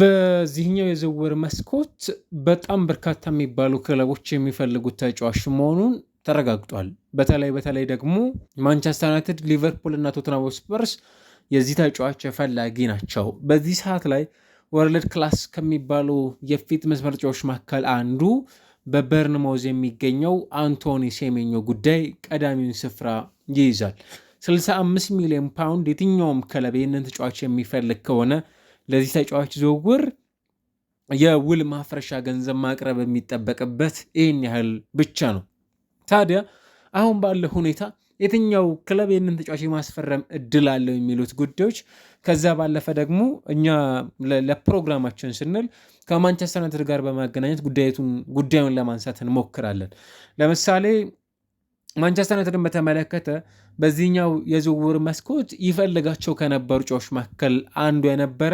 በዚህኛው የዝውውር መስኮት በጣም በርካታ የሚባሉ ክለቦች የሚፈልጉት ተጫዋች መሆኑን ተረጋግጧል። በተለይ በተለይ ደግሞ ማንቸስተር ዩናይትድ፣ ሊቨርፑል እና ቶትናም ስፐርስ የዚህ ተጫዋች ፈላጊ ናቸው። በዚህ ሰዓት ላይ ወርልድ ክላስ ከሚባሉ የፊት መስመር መካከል አንዱ በበርንማውዝ የሚገኘው አንቶኒ ሴሜኞ ጉዳይ ቀዳሚውን ስፍራ ይይዛል። 65 ሚሊዮን ፓውንድ የትኛውም ክለብ ይህንን ተጫዋች የሚፈልግ ከሆነ ለዚህ ተጫዋች ዝውውር የውል ማፍረሻ ገንዘብ ማቅረብ የሚጠበቅበት ይህን ያህል ብቻ ነው። ታዲያ አሁን ባለ ሁኔታ የትኛው ክለብ ይህንን ተጫዋች የማስፈረም እድል አለው የሚሉት ጉዳዮች፣ ከዛ ባለፈ ደግሞ እኛ ለፕሮግራማችን ስንል ከማንቸስተር ዩናይትድ ጋር በማገናኘት ጉዳዩን ለማንሳት እንሞክራለን። ለምሳሌ ማንቸስተር ዩናይትድን በተመለከተ በዚህኛው የዝውውር መስኮት ይፈልጋቸው ከነበሩ ጫዎች መካከል አንዱ የነበረ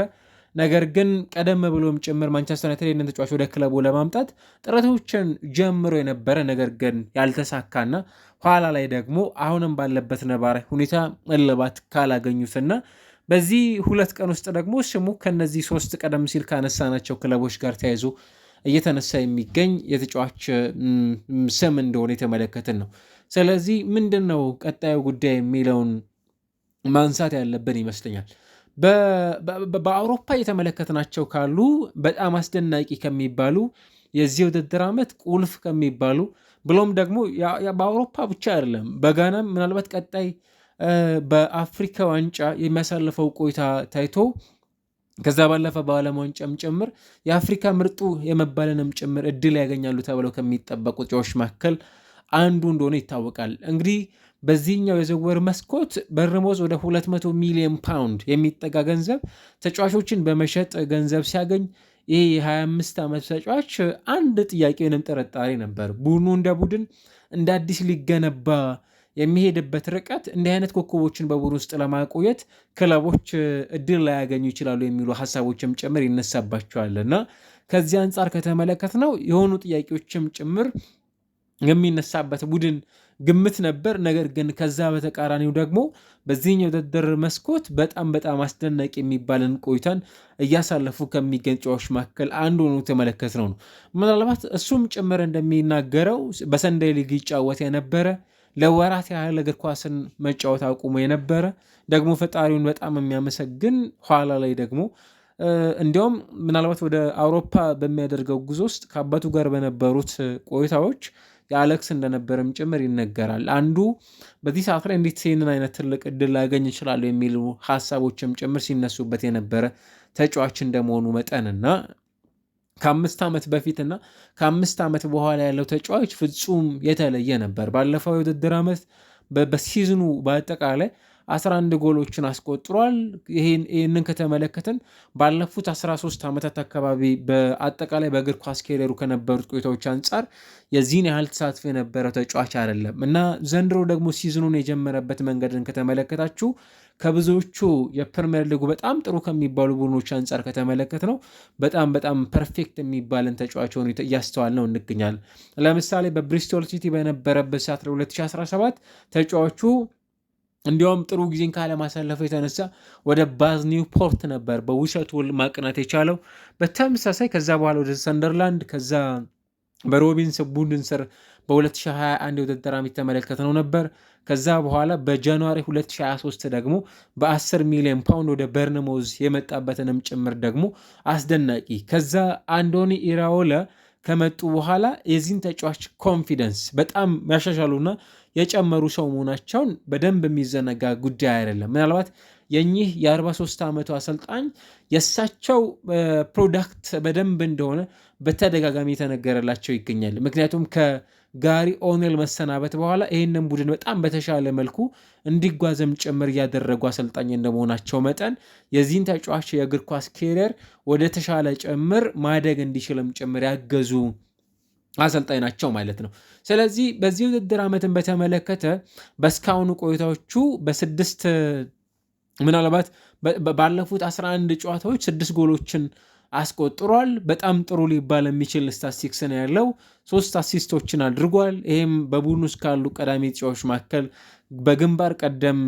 ነገር ግን ቀደም ብሎም ጭምር ማንቸስተር ዩናይትድ ይህንን ተጫዋች ወደ ክለቡ ለማምጣት ጥረቶችን ጀምሮ የነበረ ነገር ግን ያልተሳካና ኋላ ላይ ደግሞ አሁንም ባለበት ነባራዊ ሁኔታ እልባት ካላገኙትና በዚህ ሁለት ቀን ውስጥ ደግሞ ስሙ ከነዚህ ሶስት ቀደም ሲል ካነሳናቸው ክለቦች ጋር ተያይዞ እየተነሳ የሚገኝ የተጫዋች ስም እንደሆነ የተመለከትን ነው። ስለዚህ ምንድን ነው ቀጣዩ ጉዳይ የሚለውን ማንሳት ያለብን ይመስለኛል። በአውሮፓ ናቸው ካሉ በጣም አስደናቂ ከሚባሉ የዚህ ውድድር ዓመት ቁልፍ ከሚባሉ ብሎም ደግሞ በአውሮፓ ብቻ አይደለም፣ በጋናም ምናልባት ቀጣይ በአፍሪካ ዋንጫ የሚያሳልፈው ቆይታ ታይቶ ከዛ ባለፈ በዓለም ዋንጫም ጭምር የአፍሪካ ምርጡ የመባለንም ጭምር እድል ያገኛሉ ተብለው ከሚጠበቁ ተጫዋቾች መካከል አንዱ እንደሆነ ይታወቃል። እንግዲህ በዚህኛው የዝውውር መስኮት በርሞዝ ወደ 200 ሚሊዮን ፓውንድ የሚጠጋ ገንዘብ ተጫዋቾችን በመሸጥ ገንዘብ ሲያገኝ ይህ የ25 ዓመት ተጫዋች አንድ ጥያቄ ወይም ጥርጣሬ ነበር። ቡድኑ እንደ ቡድን እንደ አዲስ ሊገነባ የሚሄድበት ርቀት እንዲህ አይነት ኮከቦችን በቡድን ውስጥ ለማቆየት ክለቦች እድል ላያገኙ ይችላሉ የሚሉ ሀሳቦችም ጭምር ይነሳባቸዋል እና ከዚህ አንጻር ከተመለከት ነው የሆኑ ጥያቄዎችም ጭምር የሚነሳበት ቡድን ግምት ነበር። ነገር ግን ከዛ በተቃራኒው ደግሞ በዚህኛው ውድድር መስኮት በጣም በጣም አስደናቂ የሚባልን ቆይታን እያሳለፉ ከሚገኝ ተጫዋቾች መካከል አንዱ ሆኖ የተመለከትነው ነው። ምናልባት እሱም ጭምር እንደሚናገረው በሰንደይ ሊግ ይጫወት የነበረ ለወራት ያህል እግር ኳስን መጫወት አቁሞ የነበረ ደግሞ ፈጣሪውን በጣም የሚያመሰግን ኋላ ላይ ደግሞ እንዲያውም ምናልባት ወደ አውሮፓ በሚያደርገው ጉዞ ውስጥ ከአባቱ ጋር በነበሩት ቆይታዎች ያለቅስ እንደነበረም ጭምር ይነገራል። አንዱ በዚህ ሰዓት ላይ እንዴት ይህንን አይነት ትልቅ እድል ላገኝ ይችላሉ የሚሉ ሀሳቦችም ጭምር ሲነሱበት የነበረ ተጫዋች እንደመሆኑ መጠንና ከአምስት ዓመት በፊትና ከአምስት ዓመት በኋላ ያለው ተጫዋች ፍጹም የተለየ ነበር። ባለፈው የውድድር ዓመት በሲዝኑ በአጠቃላይ 11 ጎሎችን አስቆጥሯል። ይህንን ከተመለከትን ባለፉት 13 ዓመታት አካባቢ በአጠቃላይ በእግር ኳስ ኬሪሩ ከነበሩት ቆይታዎች አንጻር የዚህን ያህል ተሳትፎ የነበረው ተጫዋች አይደለም እና ዘንድሮ ደግሞ ሲዝኑን የጀመረበት መንገድን ከተመለከታችሁ ከብዙዎቹ የፕሪምየር ሊጉ በጣም ጥሩ ከሚባሉ ቡድኖች አንጻር ከተመለከት ነው በጣም በጣም ፐርፌክት የሚባልን ተጫዋች ሆኖ እያስተዋል ነው እንገኛለን። ለምሳሌ በብሪስቶል ሲቲ በነበረበት ሰዓት 2017 ተጫዋቹ እንዲያውም ጥሩ ጊዜን ካለማሳለፈ የተነሳ ወደ ባዝኒውፖርት ነበር በውሰት ውል ማቅናት የቻለው። በተመሳሳይ ከዛ በኋላ ወደ ሰንደርላንድ ከዛ በሮቢንስ ቡድን ስር በ2021 የውድድር ዓመት ነው ነበር። ከዛ በኋላ በጃንዋሪ 2023 ደግሞ በ10 ሚሊዮን ፓውንድ ወደ በርነሞዝ የመጣበትንም ጭምር ደግሞ አስደናቂ ከዛ አንዶኒ ኢራኦላ ከመጡ በኋላ የዚህን ተጫዋች ኮንፊደንስ በጣም ያሻሻሉና የጨመሩ ሰው መሆናቸውን በደንብ የሚዘነጋ ጉዳይ አይደለም። ምናልባት የኚህ የ43 ዓመቱ አሰልጣኝ የእሳቸው ፕሮዳክት በደንብ እንደሆነ በተደጋጋሚ የተነገረላቸው ይገኛል። ምክንያቱም ጋሪ ኦኔል መሰናበት በኋላ ይህንን ቡድን በጣም በተሻለ መልኩ እንዲጓዘም ጭምር እያደረጉ አሰልጣኝ እንደመሆናቸው መጠን የዚህን ተጫዋች የእግር ኳስ ኬሪየር ወደ ተሻለ ጭምር ማደግ እንዲችልም ጭምር ያገዙ አሰልጣኝ ናቸው ማለት ነው። ስለዚህ በዚህ ውድድር ዓመትን በተመለከተ በእስካሁኑ ቆይታዎቹ በስድስት ምናልባት ባለፉት 11 ጨዋታዎች ስድስት ጎሎችን አስቆጥሯል። በጣም ጥሩ ሊባል የሚችል ስታስቲክስ ነው ያለው። ሶስት አሲስቶችን አድርጓል። ይህም በቡኑስ ውስጥ ካሉ ቀዳሚ ተጫዋቾች መካከል በግንባር ቀደም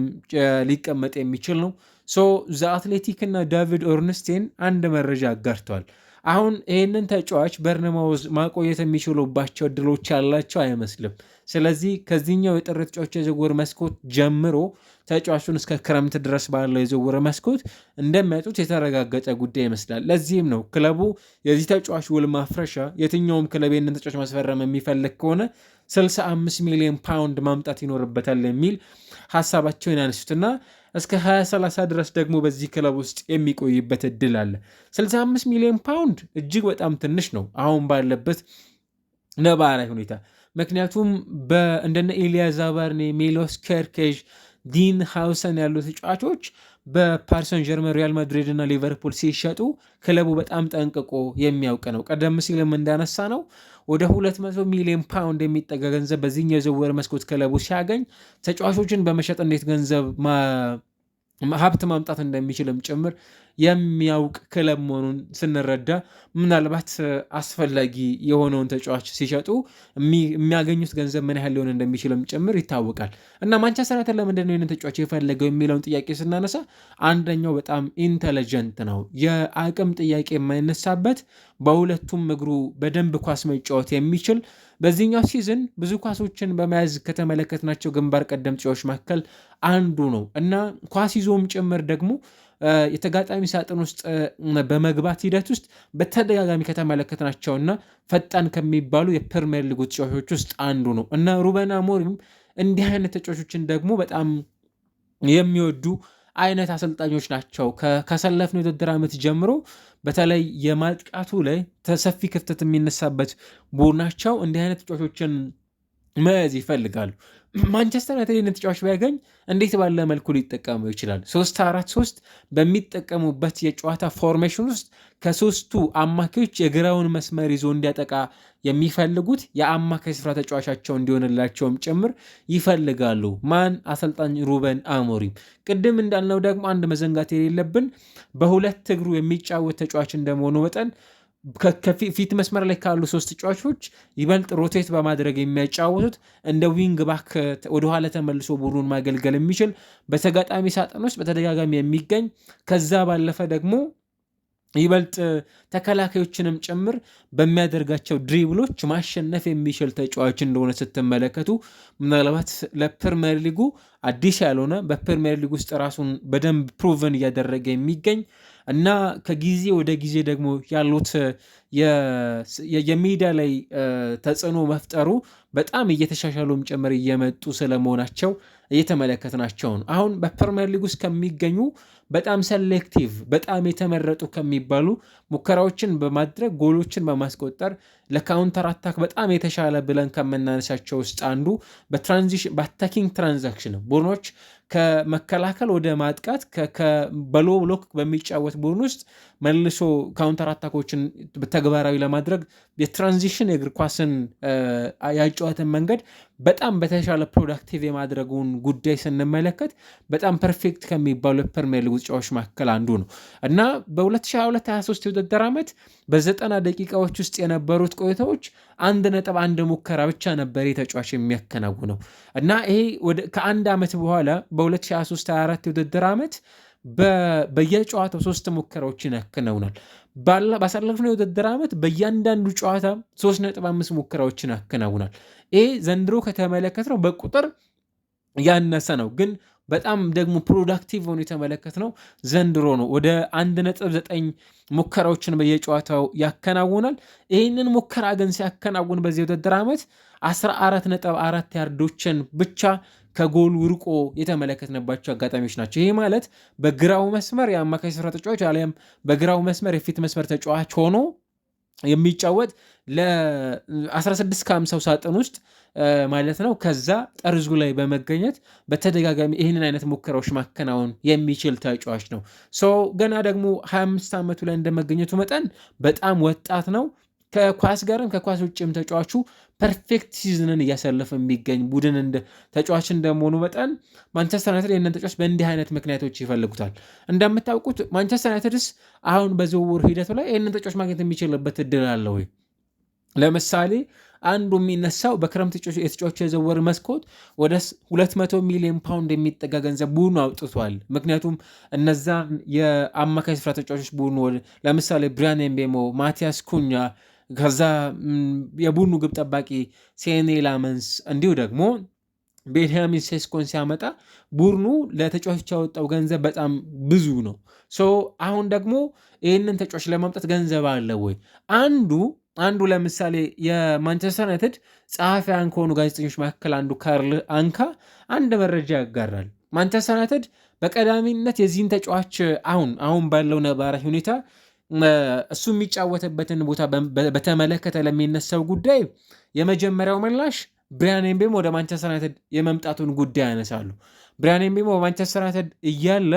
ሊቀመጥ የሚችል ነው። ሶ ዘ አትሌቲክ እና ዳቪድ ኦርንስቴን አንድ መረጃ አጋርተዋል። አሁን ይህንን ተጫዋች በርንማውዝ ማቆየት የሚችሉባቸው እድሎች ያላቸው አይመስልም። ስለዚህ ከዚህኛው የጥር ተጫዋች የዝውውር መስኮት ጀምሮ ተጫዋቹን እስከ ክረምት ድረስ ባለው የዝውውር መስኮት እንደሚያጡት የተረጋገጠ ጉዳይ ይመስላል። ለዚህም ነው ክለቡ የዚህ ተጫዋች ውል ማፍረሻ የትኛውም ክለብ ይህንን ተጫዋች ማስፈረም የሚፈልግ ከሆነ 65 ሚሊዮን ፓውንድ ማምጣት ይኖርበታል የሚል ሀሳባቸውን ያነሱትና እስከ 2030 ድረስ ደግሞ በዚህ ክለብ ውስጥ የሚቆይበት እድል አለ። 65 ሚሊዮን ፓውንድ እጅግ በጣም ትንሽ ነው አሁን ባለበት ነባራዊ ሁኔታ። ምክንያቱም እንደነ ኢሊያ ዛባርኔ፣ ሜሎስ ኬርኬዥ፣ ዲን ሃውሰን ያሉ ተጫዋቾች በፓሪሰን ጀርመን፣ ሪያል ማድሪድ እና ሊቨርፑል ሲሸጡ ክለቡ በጣም ጠንቅቆ የሚያውቅ ነው። ቀደም ሲልም እንዳነሳ ነው ወደ 200 ሚሊዮን ፓውንድ የሚጠጋ ገንዘብ በዚህኛው የዝውውር መስኮት ክለቡ ሲያገኝ ተጫዋቾችን በመሸጥ እንዴት ገንዘብ ሀብት ማምጣት እንደሚችልም ጭምር የሚያውቅ ክለብ መሆኑን ስንረዳ ምናልባት አስፈላጊ የሆነውን ተጫዋች ሲሸጡ የሚያገኙት ገንዘብ ምን ያህል ሊሆን እንደሚችልም ጭምር ይታወቃል እና ማንቸስተር ዩናይትድ ለምንድን ነው ተጫዋች የፈለገው የሚለውን ጥያቄ ስናነሳ አንደኛው በጣም ኢንተለጀንት ነው። የአቅም ጥያቄ የማይነሳበት በሁለቱም እግሩ በደንብ ኳስ መጫወት የሚችል በዚህኛው ሲዝን ብዙ ኳሶችን በመያዝ ከተመለከትናቸው ግንባር ቀደም ተጫዋቾች መካከል አንዱ ነው እና ኳስ ይዞም ጭምር ደግሞ የተጋጣሚ ሳጥን ውስጥ በመግባት ሂደት ውስጥ በተደጋጋሚ ከተመለከትናቸውና ፈጣን ከሚባሉ የፕሪሚየር ሊጉ ተጫዋቾች ውስጥ አንዱ ነው እና ሩበን አሞሪም እንዲህ አይነት ተጫዋቾችን ደግሞ በጣም የሚወዱ አይነት አሰልጣኞች ናቸው። ከሰለፍነው የውድድር ዓመት ጀምሮ በተለይ የማጥቃቱ ላይ ተሰፊ ክፍተት የሚነሳበት ቡድናቸው እንዲህ አይነት ተጫዋቾችን መያዝ ይፈልጋሉ። ማንቸስተር ዩናይትድ ተጫዋች ቢያገኝ እንዴት ባለ መልኩ ሊጠቀሙ ይችላል? ሶስት አራት ሶስት በሚጠቀሙበት የጨዋታ ፎርሜሽን ውስጥ ከሶስቱ አማካዮች የግራውን መስመር ይዞ እንዲያጠቃ የሚፈልጉት የአማካይ ስፍራ ተጫዋቻቸው እንዲሆንላቸውም ጭምር ይፈልጋሉ። ማን አሰልጣኝ ሩበን አሞሪም። ቅድም እንዳልነው ደግሞ አንድ መዘንጋት የሌለብን በሁለት እግሩ የሚጫወት ተጫዋች እንደመሆኑ መጠን ከፊት መስመር ላይ ካሉ ሶስት ተጫዋቾች ይበልጥ ሮቴት በማድረግ የሚያጫወቱት እንደ ዊንግ ባክ ወደኋላ ተመልሶ ቡድኑን ማገልገል የሚችል በተጋጣሚ ሳጥን ውስጥ በተደጋጋሚ የሚገኝ ከዛ ባለፈ ደግሞ ይበልጥ ተከላካዮችንም ጭምር በሚያደርጋቸው ድሪብሎች ማሸነፍ የሚችል ተጫዋች እንደሆነ ስትመለከቱ ምናልባት ለፕሪሚየር ሊጉ አዲስ ያልሆነ በፕሪሚየር ሊግ ውስጥ ራሱን በደንብ ፕሩቭን እያደረገ የሚገኝ እና ከጊዜ ወደ ጊዜ ደግሞ ያሉት የሜዳ ላይ ተጽዕኖ መፍጠሩ በጣም እየተሻሻሉም ጭምር እየመጡ ስለመሆናቸው እየተመለከትናቸው ነው። አሁን በፕሪሚየር ሊግ ውስጥ ከሚገኙ በጣም ሴሌክቲቭ በጣም የተመረጡ ከሚባሉ ሙከራዎችን በማድረግ ጎሎችን በማስቆጠር ለካውንተር አታክ በጣም የተሻለ ብለን ከምናነሳቸው ውስጥ አንዱ በአታኪንግ ትራንዛክሽን ቡድኖች ከመከላከል ወደ ማጥቃት በሎ ብሎክ በሚጫወት ቡድን ውስጥ መልሶ ካውንተር አታኮችን ተግባራዊ ለማድረግ የትራንዚሽን የእግር ኳስን ያጨዋትን መንገድ በጣም በተሻለ ፕሮዳክቲቭ የማድረጉን ጉዳይ ስንመለከት በጣም ፐርፌክት ከሚባሉ የፕሪሚየር ሊግ ተጫዋቾች መካከል አንዱ ነው እና በ2022/23 የውድድር ዓመት በዘጠና ደቂቃዎች ውስጥ የነበሩት ቆይታዎች አንድ ነጥብ አንድ ሙከራ ብቻ ነበር የተጫዋች የሚያከናውነው እና ይሄ ከአንድ ዓመት በኋላ በ2023/24 የውድድር ዓመት በየጨዋታው ሶስት ሙከራዎችን ያከናውናል። ባሳለፍነው የውድድር ዓመት በእያንዳንዱ ጨዋታ 3.5 ሙከራዎችን ያከናውናል። ይሄ ዘንድሮ ከተመለከትነው በቁጥር ያነሰ ነው ግን በጣም ደግሞ ፕሮዳክቲቭ ሆኖ የተመለከት ነው ዘንድሮ ነው። ወደ አንድ ነጥብ ዘጠኝ ሙከራዎችን በየጨዋታው ያከናውናል። ይህንን ሙከራ ግን ሲያከናውን በዚህ ውድድር ዓመት 14 ነጥብ አራት ያርዶችን ብቻ ከጎል ውርቆ የተመለከትንባቸው አጋጣሚዎች ናቸው። ይህ ማለት በግራው መስመር የአማካኝ ስፍራ ተጫዋች አሊያም በግራው መስመር የፊት መስመር ተጫዋች ሆኖ የሚጫወት ለ16 ከ50 ሳጥን ውስጥ ማለት ነው። ከዛ ጠርዙ ላይ በመገኘት በተደጋጋሚ ይህንን አይነት ሙከራዎች ማከናወን የሚችል ተጫዋች ነው። ሶ ገና ደግሞ 25 ዓመቱ ላይ እንደመገኘቱ መጠን በጣም ወጣት ነው። ከኳስ ጋርም ከኳስ ውጭም ተጫዋቹ ፐርፌክት ሲዝንን እያሳለፈ የሚገኝ ቡድን ተጫዋች እንደመሆኑ መጠን ማንቸስተር ዩናይትድ ይህንን ተጫዋች በእንዲህ አይነት ምክንያቶች ይፈልጉታል። እንደምታውቁት ማንቸስተር ዩናይትድስ አሁን በዝውውር ሂደቱ ላይ ይህንን ተጫዋች ማግኘት የሚችልበት እድል አለ ወይ? ለምሳሌ አንዱ የሚነሳው በክረምት የተጫዋቾች የዝውውር መስኮት ወደ 200 ሚሊዮን ፓውንድ የሚጠጋ ገንዘብ ቡድኑ አውጥቷል። ምክንያቱም እነዛ የአማካይ ስፍራ ተጫዋቾች ቡድኑ ለምሳሌ ብሪያን ኤምቤሞ፣ ማቲያስ ኩኛ ከዛ የቡድኑ ግብ ጠባቂ ሴኔ ላመንስ እንዲሁ ደግሞ ቤንያሚን ሴስኮን ሲያመጣ ቡድኑ ለተጫዋቾች ያወጣው ገንዘብ በጣም ብዙ ነው። ሶ አሁን ደግሞ ይህንን ተጫዋች ለማምጣት ገንዘብ አለ ወይ አንዱ አንዱ ለምሳሌ የማንቸስተር ዩናይትድ ጸሐፊያን ከሆኑ ጋዜጠኞች መካከል አንዱ ካርል አንካ አንድ መረጃ ያጋራል። ማንቸስተር ዩናይትድ በቀዳሚነት የዚህን ተጫዋች አሁን አሁን ባለው ነባራዊ ሁኔታ እሱ የሚጫወትበትን ቦታ በተመለከተ ለሚነሳው ጉዳይ የመጀመሪያው ምላሽ ብሪያን ኤምቤሞ ወደ ማንቸስተር ዩናይትድ የመምጣቱን ጉዳይ ያነሳሉ። ብሪያን ኤምቤሞ በማንቸስተር ዩናይትድ እያለ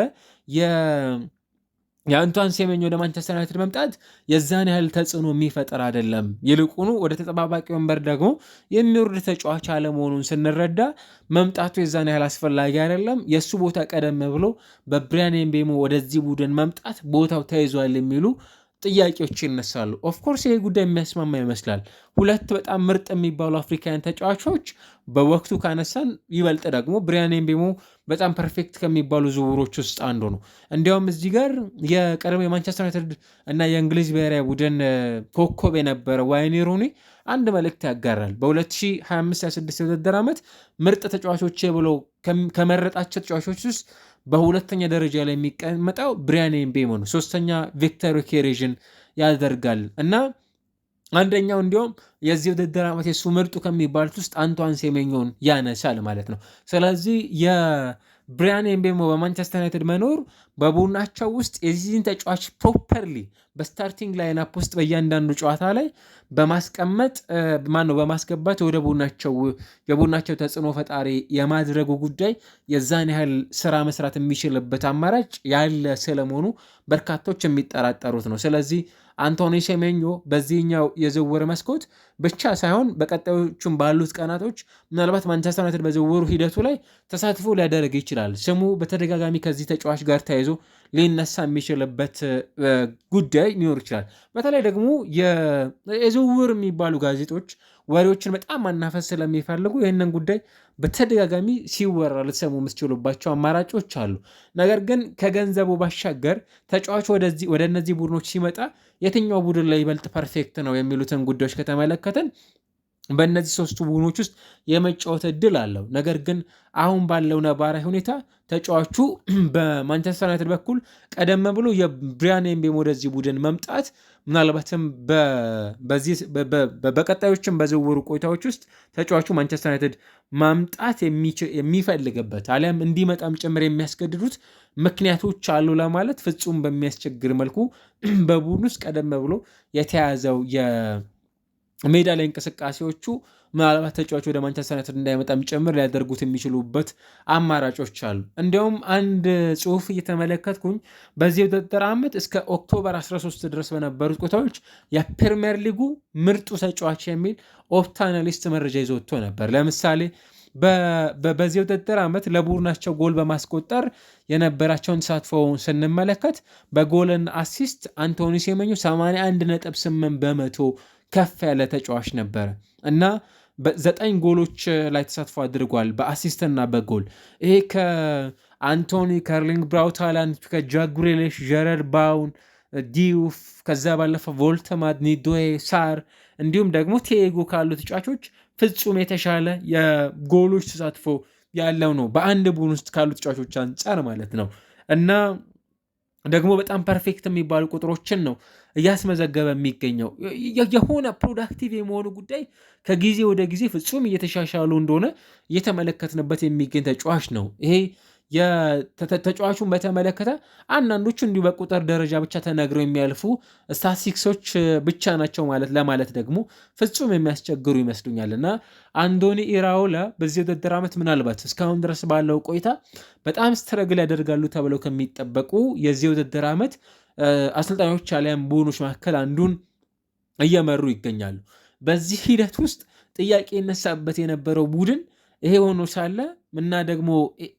የአንቷን ሴሜኞ ወደ ማንቸስተር ዩናይትድ መምጣት የዛን ያህል ተጽዕኖ የሚፈጠር አይደለም። ይልቁኑ ወደ ተጠባባቂ ወንበር ደግሞ የሚወርድ ተጫዋች አለመሆኑን ስንረዳ መምጣቱ የዛን ያህል አስፈላጊ አይደለም። የእሱ ቦታ ቀደም ብሎ በብሪያን ምቤሞ ወደዚህ ቡድን መምጣት ቦታው ተይዟል የሚሉ ጥያቄዎች ይነሳሉ። ኦፍኮርስ ይህ ጉዳይ የሚያስማማ ይመስላል። ሁለት በጣም ምርጥ የሚባሉ አፍሪካውያን ተጫዋቾች በወቅቱ ካነሳን ይበልጥ ደግሞ ብሪያን ምቤሞ በጣም ፐርፌክት ከሚባሉ ዝውውሮች ውስጥ አንዱ ነው። እንዲያውም እዚህ ጋር የቀድሞ የማንቸስተር ዩናይትድ እና የእንግሊዝ ብሔራዊ ቡድን ኮከብ የነበረ ዋይኔ ሩኒ አንድ መልእክት ያጋራል። በ2025/26 የውድድር ዓመት ምርጥ ተጫዋቾች ብሎ ከመረጣቸው ተጫዋቾች ውስጥ በሁለተኛ ደረጃ ላይ የሚቀመጠው ብሪያን ምቤሞ ነው። ሶስተኛ ቪክተር ኬሬዥን ያደርጋል እና አንደኛው እንዲሁም የዚህ ውድድር ዓመት የሱ ምርጡ ከሚባሉት ውስጥ አንቷን ሴሜኞን ያነሳል ማለት ነው። ስለዚህ የብሪያን ኤምቤሞ በማንቸስተር ዩናይትድ መኖር በቡድናቸው ውስጥ የዚህን ተጫዋች ፕሮፐርሊ በስታርቲንግ ላይናፕ ውስጥ በእያንዳንዱ ጨዋታ ላይ በማስቀመጥ ማነው በማስገባት ወደ ቡድናቸው የቡድናቸው ተጽዕኖ ፈጣሪ የማድረጉ ጉዳይ የዛን ያህል ስራ መስራት የሚችልበት አማራጭ ያለ ስለመሆኑ በርካቶች የሚጠራጠሩት ነው። ስለዚህ አንቶኒ ሴሜኞ በዚህኛው የዝውውር መስኮት ብቻ ሳይሆን በቀጣዮቹም ባሉት ቀናቶች ምናልባት ማንቸስተር ዩናይትድ በዝውውሩ ሂደቱ ላይ ተሳትፎ ሊያደርግ ይችላል። ስሙ በተደጋጋሚ ከዚህ ተጫዋች ጋር ተያይዞ ሊነሳ የሚችልበት ጉዳይ ሊኖር ይችላል። በተለይ ደግሞ የዝውውር የሚባሉ ጋዜጦች ወሬዎችን በጣም ማናፈስ ስለሚፈልጉ ይህንን ጉዳይ በተደጋጋሚ ሲወራ ልትሰሙ የምትችሉባቸው አማራጮች አሉ። ነገር ግን ከገንዘቡ ባሻገር ተጫዋቹ ወደ እነዚህ ቡድኖች ሲመጣ የትኛው ቡድን ላይ ይበልጥ ፐርፌክት ነው የሚሉትን ጉዳዮች ከተመለከትን በእነዚህ ሶስቱ ቡድኖች ውስጥ የመጫወት እድል አለው። ነገር ግን አሁን ባለው ነባራዊ ሁኔታ ተጫዋቹ በማንቸስተር ዩናይትድ በኩል ቀደም ብሎ የብሪያን ምቤሞ ወደዚህ ቡድን መምጣት ምናልባትም በቀጣዮችም በዝውውሩ ቆይታዎች ውስጥ ተጫዋቹ ማንቸስተር ዩናይትድ ማምጣት የሚፈልግበት አሊያም እንዲመጣም ጭምር የሚያስገድዱት ምክንያቶች አሉ ለማለት ፍጹም በሚያስቸግር መልኩ በቡድን ውስጥ ቀደም ብሎ የተያዘው ሜዳ ላይ እንቅስቃሴዎቹ ምናልባት ተጫዋች ወደ ማንቸስተር ዩናይትድ እንዳይመጣም ጭምር ሊያደርጉት የሚችሉበት አማራጮች አሉ። እንዲያውም አንድ ጽሑፍ እየተመለከትኩኝ በዚህ ውድድር ዓመት እስከ ኦክቶበር 13 ድረስ በነበሩት ቆታዎች የፕሪምየር ሊጉ ምርጡ ተጫዋች የሚል ኦፕታናሊስት መረጃ ይዘወጥቶ ነበር። ለምሳሌ በዚህ ውድድር ዓመት ለቡድናቸው ጎል በማስቆጠር የነበራቸውን ተሳትፎ ስንመለከት በጎልን አሲስት አንቶኒ ሴሜኞ 81.8 በመቶ ከፍ ያለ ተጫዋች ነበረ እና ዘጠኝ ጎሎች ላይ ተሳትፎ አድርጓል በአሲስትና በጎል ይሄ ከአንቶኒ ከርሊንግ ብራውት ሃላንድ ከጃጉሬሌሽ ጀረር ባውን ዲዩፍ ከዛ ባለፈ ቮልተማድ ኒዶዬ ሳር እንዲሁም ደግሞ ቴጎ ካሉ ተጫዋቾች ፍጹም የተሻለ የጎሎች ተሳትፎ ያለው ነው በአንድ ቡድን ውስጥ ካሉ ተጫዋቾች አንጻር ማለት ነው እና ደግሞ በጣም ፐርፌክት የሚባሉ ቁጥሮችን ነው እያስመዘገበ የሚገኘው። የሆነ ፕሮዳክቲቭ የመሆኑ ጉዳይ ከጊዜ ወደ ጊዜ ፍጹም እየተሻሻሉ እንደሆነ እየተመለከትንበት የሚገኝ ተጫዋች ነው ይሄ ተጫዋቹን በተመለከተ አንዳንዶቹ እንዲሁ በቁጥር ደረጃ ብቻ ተነግረው የሚያልፉ ስታሲክሶች ብቻ ናቸው ማለት ለማለት ደግሞ ፍጹም የሚያስቸግሩ ይመስሉኛል እና አንዶኒ ኢራውላ በዚህ ውድድር ዓመት ምናልባት እስካሁን ድረስ ባለው ቆይታ በጣም ስትረግል ያደርጋሉ ተብለው ከሚጠበቁ የዚህ ውድድር ዓመት አሰልጣኞች አሊያም ቡድኖች መካከል አንዱን እየመሩ ይገኛሉ። በዚህ ሂደት ውስጥ ጥያቄ ይነሳበት የነበረው ቡድን ይሄ ሆኖ ሳለ እና ደግሞ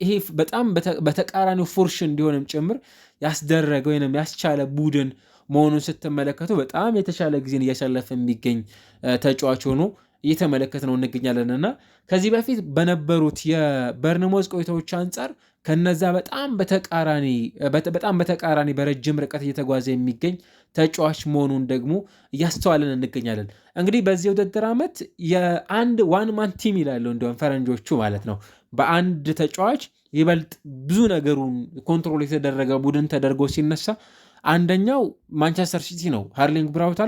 ይሄ በጣም በተቃራኒው ፉርሽ እንዲሆንም ጭምር ያስደረገ ወይም ያስቻለ ቡድን መሆኑን ስትመለከቱ በጣም የተሻለ ጊዜን እያሳለፈ የሚገኝ ተጫዋች ሆኖ እየተመለከት ነው እንገኛለን እና ከዚህ በፊት በነበሩት የበርንሞዝ ቆይታዎች አንጻር ከነዛ በጣም በተቃራኒ በጣም በተቃራኒ በረጅም ርቀት እየተጓዘ የሚገኝ ተጫዋች መሆኑን ደግሞ እያስተዋለን እንገኛለን። እንግዲህ በዚህ ውድድር ዓመት የአንድ ዋን ማን ቲም ይላለው እንዲሁም ፈረንጆቹ ማለት ነው። በአንድ ተጫዋች ይበልጥ ብዙ ነገሩን ኮንትሮል የተደረገ ቡድን ተደርጎ ሲነሳ አንደኛው ማንቸስተር ሲቲ ነው። ሃርሊንግ ብራውት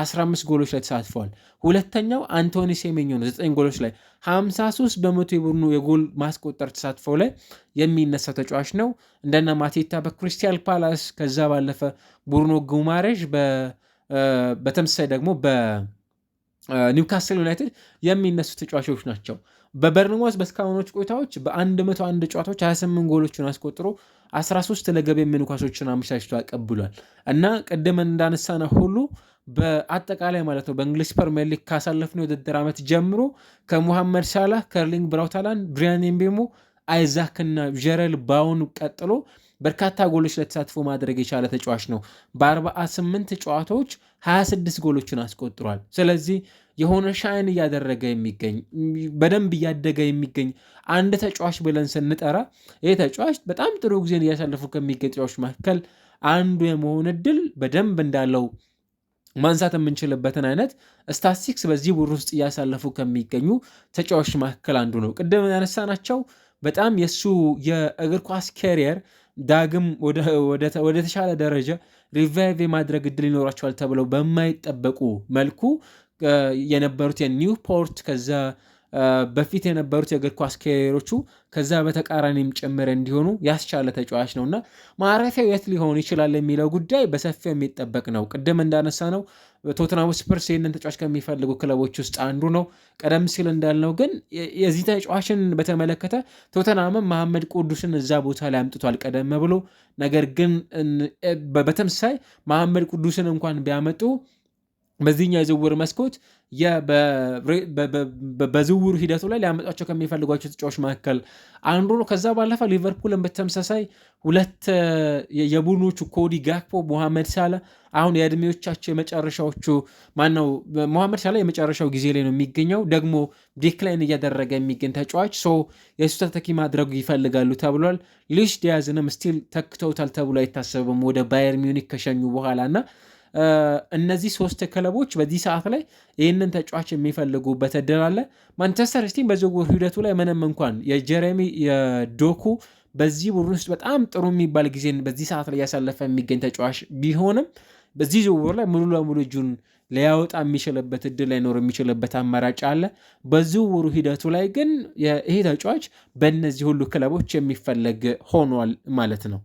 15 ጎሎች ላይ ተሳትፏል። ሁለተኛው አንቶኒ ሴሜኞ ነው 9 ጎሎች ላይ 53 በመቶ የቡድኑ የጎል ማስቆጠር ተሳትፎ ላይ የሚነሳ ተጫዋች ነው። እንደነ ማቴታ በክሪስታል ፓላስ፣ ከዛ ባለፈ ቡርኖ ጉማሬዥ በተመሳሳይ ደግሞ በኒውካስል ዩናይትድ የሚነሱ ተጫዋቾች ናቸው። በበርንማውዝ በእስካሁኖች ቆይታዎች በ101 ጨዋታዎች 28 ጎሎችን አስቆጥሮ 13 ለገቢ የሚሆኑ ኳሶችን አመቻችቶ አቀብሏል እና ቅድም እንዳነሳነ ሁሉ በአጠቃላይ ማለት ነው በእንግሊዝ ፕሪሚየር ሊግ ካሳለፍነው የውድድር ዓመት ጀምሮ ከሙሐመድ ሳላህ፣ ከርሊንግ ብራውታላን፣ ብሪያን ምቤሞ፣ አይዛክና ጀረል ባውን ቀጥሎ በርካታ ጎሎች ለተሳትፎ ማድረግ የቻለ ተጫዋች ነው በ48 ጨዋታዎች 26 ጎሎችን አስቆጥሯል። ስለዚህ የሆነ ሻይን እያደረገ የሚገኝ በደንብ እያደገ የሚገኝ አንድ ተጫዋች ብለን ስንጠራ ይህ ተጫዋች በጣም ጥሩ ጊዜን እያሳለፉ ከሚገኝ ተጫዋች መካከል አንዱ የመሆን እድል በደንብ እንዳለው ማንሳት የምንችልበትን አይነት ስታትስቲክስ በዚህ ቡድን ውስጥ እያሳለፉ ከሚገኙ ተጫዋች መካከል አንዱ ነው። ቅድም ያነሳናቸው በጣም የእሱ የእግር ኳስ ካሪየር ዳግም ወደ ተሻለ ደረጃ ሪቫይቭ የማድረግ እድል ይኖራቸዋል ተብለው በማይጠበቁ መልኩ የነበሩት የኒውፖርት ከዛ በፊት የነበሩት የእግር ኳስ ካሪሮቹ ከዛ በተቃራኒም ጭምር እንዲሆኑ ያስቻለ ተጫዋች ነው እና ማረፊያው የት ሊሆን ይችላል የሚለው ጉዳይ በሰፊው የሚጠበቅ ነው። ቅድም እንዳነሳ ነው ቶትናም ስፐርስ ይህንን ተጫዋች ከሚፈልጉ ክለቦች ውስጥ አንዱ ነው። ቀደም ሲል እንዳልነው ግን የዚህ ተጫዋችን በተመለከተ ቶተናምም መሐመድ ቅዱስን እዛ ቦታ ላይ አምጥቷል ቀደም ብሎ። ነገር ግን በተመሳሳይ መሐመድ ቅዱስን እንኳን ቢያመጡ በዚህኛው የዝውውር መስኮት በዝውውሩ ሂደቱ ላይ ሊያመጧቸው ከሚፈልጓቸው ተጫዋች መካከል አንዱ ነው። ከዛ ባለፈ ሊቨርፑልን በተመሳሳይ ሁለት የቡድኖቹ ኮዲ ጋክፖ፣ ሞሐመድ ሳላ አሁን የእድሜዎቻቸው የመጨረሻዎቹ ማነው ሞሐመድ ሳላ የመጨረሻው ጊዜ ላይ ነው የሚገኘው። ደግሞ ዲክላይን እያደረገ የሚገኝ ተጫዋች ሶ የእሱ ተተኪ ማድረጉ ይፈልጋሉ ተብሏል። ሉዊስ ዲያዝንም ስቲል ተክተውታል ተብሎ አይታሰብም ወደ ባየር ሚዩኒክ ከሸኙ በኋላ እና እነዚህ ሶስት ክለቦች በዚህ ሰዓት ላይ ይህንን ተጫዋች የሚፈልጉበት እድል አለ። ማንቸስተር ሲቲም በዝውውር ሂደቱ ላይ ምንም እንኳን የጀሬሚ የዶኩ በዚህ ቡድን ውስጥ በጣም ጥሩ የሚባል ጊዜን በዚህ ሰዓት ላይ ያሳለፈ የሚገኝ ተጫዋች ቢሆንም በዚህ ዝውውር ላይ ሙሉ ለሙሉ እጁን ሊያወጣ የሚችልበት እድል ላይኖር የሚችልበት አማራጭ አለ። በዝውውሩ ሂደቱ ላይ ግን ይሄ ተጫዋች በእነዚህ ሁሉ ክለቦች የሚፈለግ ሆኗል ማለት ነው።